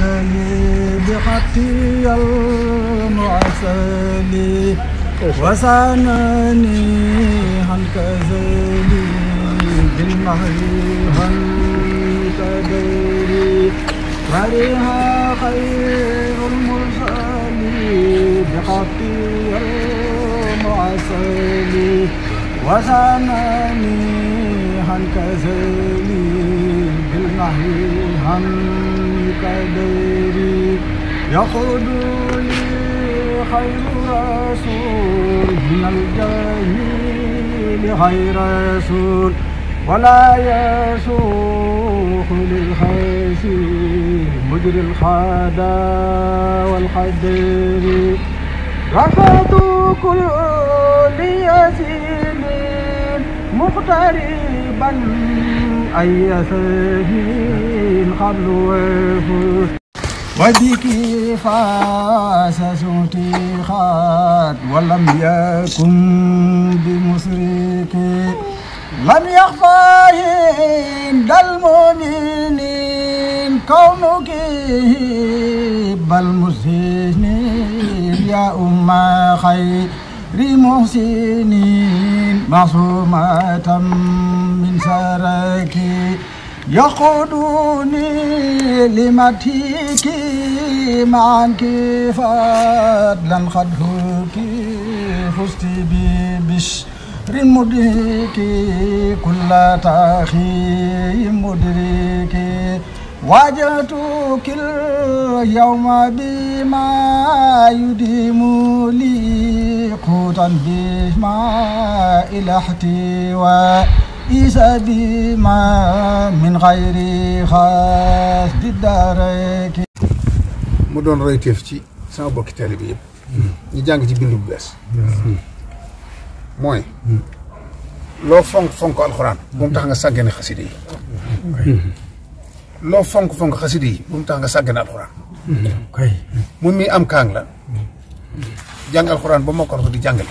المرسل بخطي المعسل وسانني عن كزلي بالمهر عن كدري فرها خير المرسل بخطي المعسل وسانني الكسل بالنحي عن كديري يخرج لي خير رسول من الجميل خير رسول ولا يسوق للخيسير مجري الحدا والحدير رفعت كل يسير مقتربا أي سهم قبل وبك فاس سوتيخات ولم يكن بمسرك لم يخفى عند المؤمنين كونك بل مسهين يا أم خير لمحسنين معصومة من سركي يقودني لمتيك معك فضلا قد هك فزت ببشر مدرك كل تخيم مدرك وجعلتك اليوم بما يديم لي قوتا بما إلحتي وإيس بما من غير خاص الدارك mu doon royteef ci sama bokki taalibe yëpp ñu jàng ci bind bu bees mooy loo fonk fonk alxuraan bu mu tax nga sàggane xasida yi loo fonk-fonk xasida yi bu mu tax nga sàgg na alxuraan. kay moom mii am kaang la jàng alxuraan ba mokkal ko di jàngale.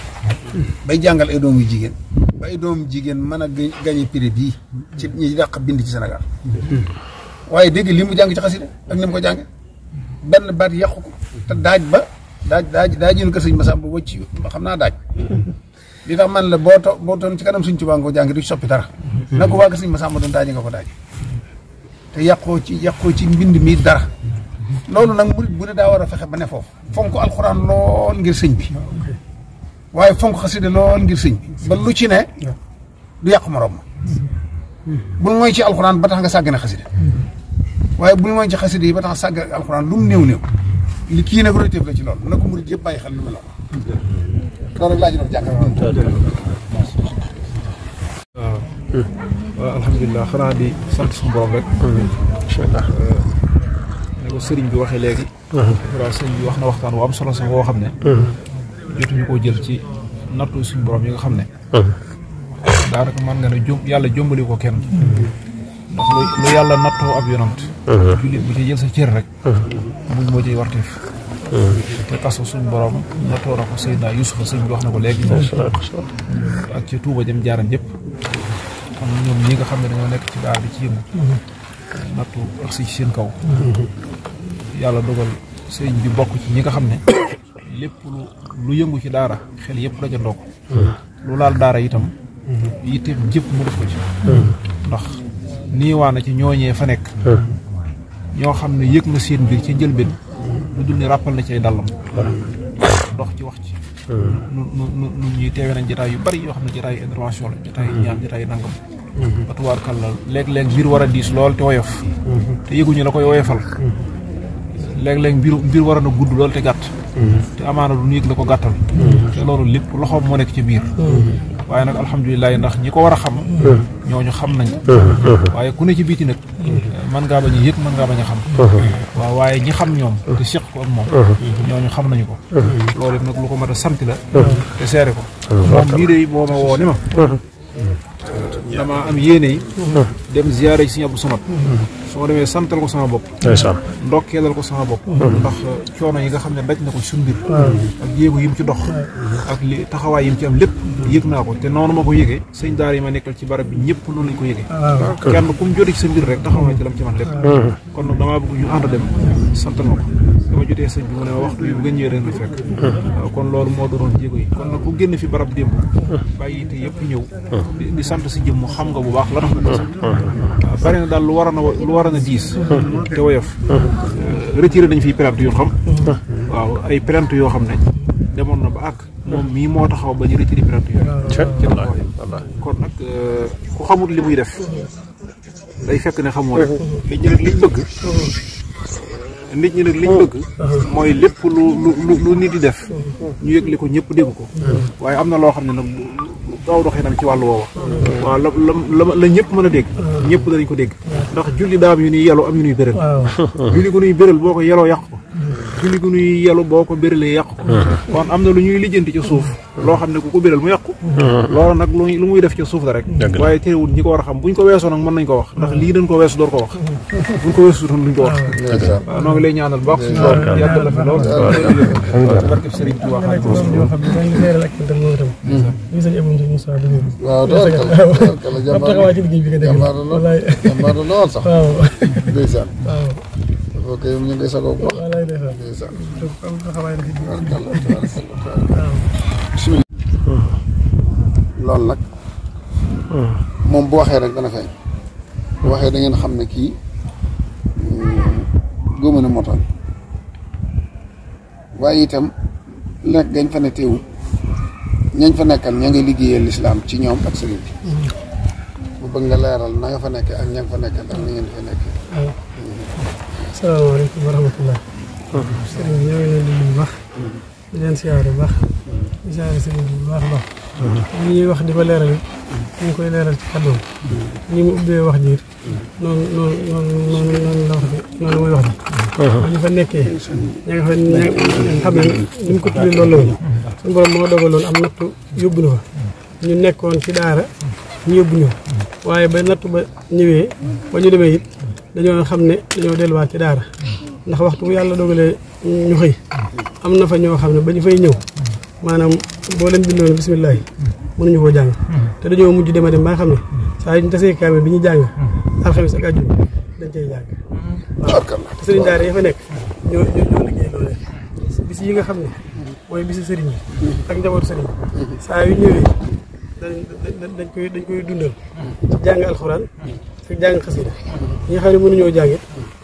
bay jàngal ay doomu jigéen. ba doomu jigéen mën a gañe prix bii. ci ñi dàq bind ci senegal waaye dégg li mu jàng ci xasida ak ni mu ko jànge benn baat yàqu ko te daaj ba daaj daaj daaj yéen kër sëñ Massamba wëcc xam naa daaj. li tax man la boo too boo doon ci kanam suñ tubaab nga ko jàng di soppi dara. na ko waa kër sëñ Massamba doon daaj nga ko daaj. te yàqoo ci yàqoo ci mbind mi dara loolu nag murit bu ne daa war a fexe ba ne foofu fonk alxuraan lool ngir sëñ bi waaye fonk xasida lool ngir sëñ bi ba lu ci ne du yàqu morom ma bul mooy ci alxuraan ba tax nga sàggane xasida waaye bul mooy ci xasida yi ba tax sàggane alxuraan lu mu néew néew li kii nag royteef la ci loolu mu ne ko murit yëpp bàyyi xel lu mu la loolu laa ci doon waaw alhamdulilah xanaa di sant suñu borom rek. bisimilah. Euh, ko sëriñ bi waxee léegi. waaw sëriñ bi wax na waxtaan wu am solo sax woo xam ne. jotuñu koo jël ci nattu suñu borom yi nga xam ne. daanaka man nga ne jom yàlla jombali ko kenn. ndax lu yàlla nattoo ab yonant jullit bu ci jël sa cër rek muñ moo ciy warteef te kaso suñ borom nattoo na ko Seydina Yusufa sëñ bi wax na ko léegi ak ci Tuuba jëm jaaram yëpp ñoom ñi nga xam ne dañoo nekk ci daal bi ci yëngu mhm. nattu ak seen kaw mhm. yàlla dogal sëriñ bi bokk ci ñi nga xam ne lépp lu yëngu ci daara xel yëpp daja ndoo ko mhm. lu laal daara itam yitteem jëpp mu def ko ci ndax niiwaana ci ñooñee fa nekk ñoo xam ne yëg na seen biir ci njëlbeen lu dul ni ràppal na ci ay dàllam dox ci wax ci nu nu nu ñuy teewee nañ jataay yu bari yoo xam ne jataay intervention la jataay ñaan jataay nangam atuwaar kàllal léeg-léeg mbir war a diis lool te woyof te yëguñu la koy woyofal léeg-léeg mbir mbir war na gudd lool te gàtt te amaana du ñu yëg la ko gàttal te loolu lépp loxoom moo nekk ci biir waaye nag alhamdulilah ndax ñi ko war a xam ñooñu xam nañ waaye ku ne ci biiti nag mën ngaa bañ a yëg mën ngaa bañ a xam waaw waaye ñi xam ñoom te seq ko ak moom ñooñu xam nañu ko loolu nag lu ko mat a sant la te seere ko moom mii de boo ma woo ma damaa am yéene yi dem ziyaare ci Sëriñ Abdou Samad su ma demee santal ko sama bopp ndokkeelal ko sama bopp ndax coono yi nga xam ne daj na ko suñu mbir ak yéegu yi mu ci dox ak li taxawaay yi mu ci am lépp yëg naa ko te noonu ma ko yëgee sëñ daar yi ma nekkal ci barab bi ñëpp noonu lañ ko yëgee ah, kenn ku mu jotee ci sa mbir rek taxaw na ci lam ci man lépp mm-hmm. kon nag damaa bëgg ñu ànd dem santal ma ko dama jotee sëñ bi mu ne nga ñëwee ren la fekk waaw kon loolu moo doonoon jéego yi kon nag ku génn fi barab démb bàyyi te yëpp ñëw di sant si jëmm xam nga bu baax la tax nga ko sant waaw na daal lu war a na lu war a diis te woyof retiré dañ fi plainte yu xam waaw ay plainte yoo xam ne demoon na ba àkk moom mii moo taxaw ba ñu retiré plainte yooyu kon nag euh, ku xamut li muy def day fekk ne xamoo rek li ñu bëgg nit ñi nag li ñu mooy lépp lu lu lu nit di def ñu yëgle ko ñëpp dégg ko waaye am na loo xam ne nag daaw doxee nag ci wàllu woowa waaw la la la ñëpp mën a dégg ñëpp danañ ko dégg ndax julli daa am yu nuy yeloo am yu nuy béral julli gu nuy béral boo ko yeloo yàq ko julli gu nuy yelu boo ko béralee yàqu kon am na lu ñuy lijjanti ci suuf loo xam ne ku ko béral mu yàqu loolu nag lu muy def ci suuf la rek waaye teewul ñi ko war a xam bu buñ ko weesoo nag mën nañ ko wax ndax lii dañ ko weesu door ko wax buñ ko weesu duñ ko wax waaw noo ngi lay ñaanal baax suñu borom yàggal la fi lool barkeb Sëriñ Tuubaa xam waaw waaw ok ñu ngi koy sagoo bu baax. loolu nag. moom bu waxee rek dana feeñ. bu waxee da ngeen xam ne kii mm, góoma na motal waaye itam lekk gañ fa ne teewul ñañ fa nekkal ña ngi liggéeyee lislaam ci ñoom ak sëriñ bi. bu bëgg nga leeral na fa nekkee ak ña nga fa nekkal ak ni ngeen fa nekkee. sëriñ bi ñoo ngi leen di bu baax di leen siyaare bu baax di siyaare ñuy wax di ko leeral ñu ngi koy leeral ci kàddoom ni mu ubbee wax jiir noonu noonu la wax noonu mooy wax ji ñu fa nekkee ña nga fa ña xam ne ni moo dogaloon am nattu yóbbu na fa ñu nekkoon ci daara ñu yóbbu ñu waaye ba nattu ba ñëwee ba ñu demee it dañoo xam ne dañoo delluwaat ci daara ndax waxtu bu yàlla dogalee ñu xëy am na fa ñoo xam ne ba ñu fay ñëw maanaam boo leen bindoon bisimilah mënuñu koo jàng te dañoo mujj dema dem ba xam ne saa yu ñu tasee kaamil bi ñu jàng alxames ak àjjuma dañ cay jàng waaw te sëriñ daara ya fa nekk ñoo bis yi nga xam ne mooy bisi sëriñ yi ak njabootu sëriñ saa yu ñëwee dañ koy dañ koy dundal ci jàng alxuraan ak jàng xasida ñi nga xam ne mënuñoo jàng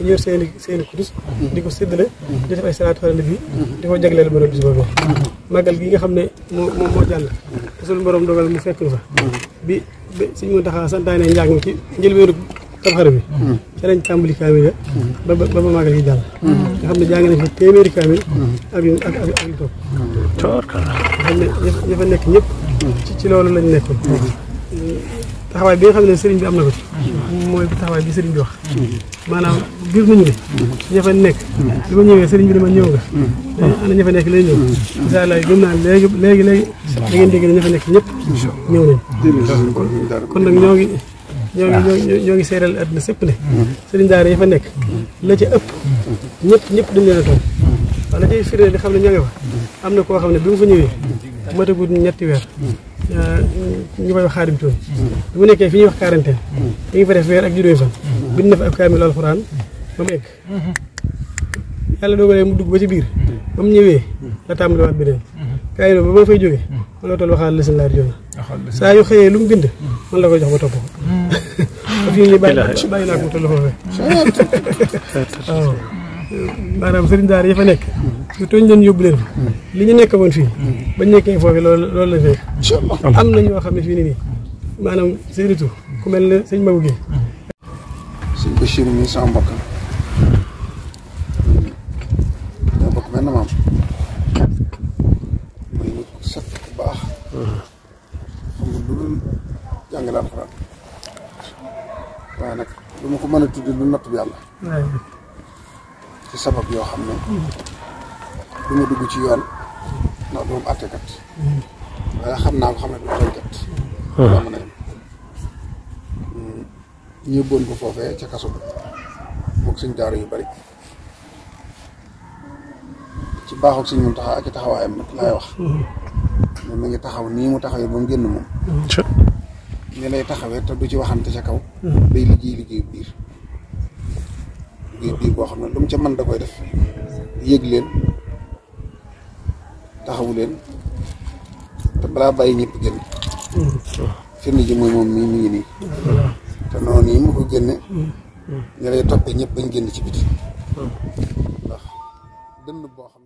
ñu yor seen i di ko séddale di def ay salaatu ala nabi di ko jagleel borom bis boobu màggal gi nga xam ne moo moo moo jàll te suñu borom dogal mu fekk fa bi bi suñ mën taxaa santaane njàng mi ci njëlbéenu tamxar bi ca lañ tàmbali kaamil ya ba ba ba màggal gi jàll nga xam ne jàng nañ fi téeméeri kaamil ak yu ak yu topp nga xam ne ña fa nekk ñëpp ci ci loolu lañ nekkoon taxawaay bi nga xam ne sëriñ bi am na ko ci mooy taxawaay bi sëriñ bi wax maanaam biir mu ñëwee. ña fa nekk. li ma ñëwee sëriñ bi dama ñëw nga. Mm. Eh, ana ña fa nekk lay ñëw. Mm. incha allah gëm naa léegi léegi léegi. da ngeen dégg ne ña fa nekk ñëpp. ñëw nañ kon nag ñoo ngi mm. ñoo ah. ngi ñoo ngi seeral àdduna sëpp ne. sëriñ daara ña fa nekk. la ca ëpp. ñëpp ñëpp dañ leen a toog. waaw la cay firnde di xam ne ña nga fa. am na koo xam ne bi mu fa ñëwee. matagut ñetti weer. Ah, ñu koy wax xaadim toon bi mu nekkee fi ñuy wax quarantaine. ñu ngi fa def weer ak juróomi fan. bind na fa ab kaamil alxuraan ba mu egg yàlla dogalee mu dugg ba ci biir ba mu ñëwee la tàmbaliwaat beneen kaay ba ba fay jógee man la toll waxaal la seen laar jox la saa xëyee lu mu bind man la koy jox ba topp ko mm. naa mu maanaam sëriñ daara yi fa nekk ñu tooñ leen yóbbu mm. li ñu nekk woon fii ba nekkee foofu loolu loolu la fekk am na ñoo xam ne fii ni nii maanaam sëritu ku mel ne sëñ Mabou Guèye set bu baax. xam nga lu dul jàngale alxuraan waaye nag lu ma ko mën a tudd lu natt bi yoo xam ne. du ma dugg ci yoon waaye xam naa ko xam ne du tooñkat. waaw mën na yem. ñëbboon ko foofee ca kaso ba moog suñ daara yu bari. ci baaxul si ñun taxaw ak i taxawaayam nag laay wax. te mi ngi taxaw nii mu taxawee ba mu génn moom. ni taxawee te du ci waxante ca kaw. Hmm. day liggéey liggéey biir. liggéey biir boo xam ne lu ca man da koy def yëg leen taxawu leen te balaa bàyyi ñëpp génn. Hmm. firnde ji mooy moom mii mi ngi nii. Hmm. te noonu yi mu ko génne. ñu toppee ñëpp bañ génn ci biti. ndax boo xam.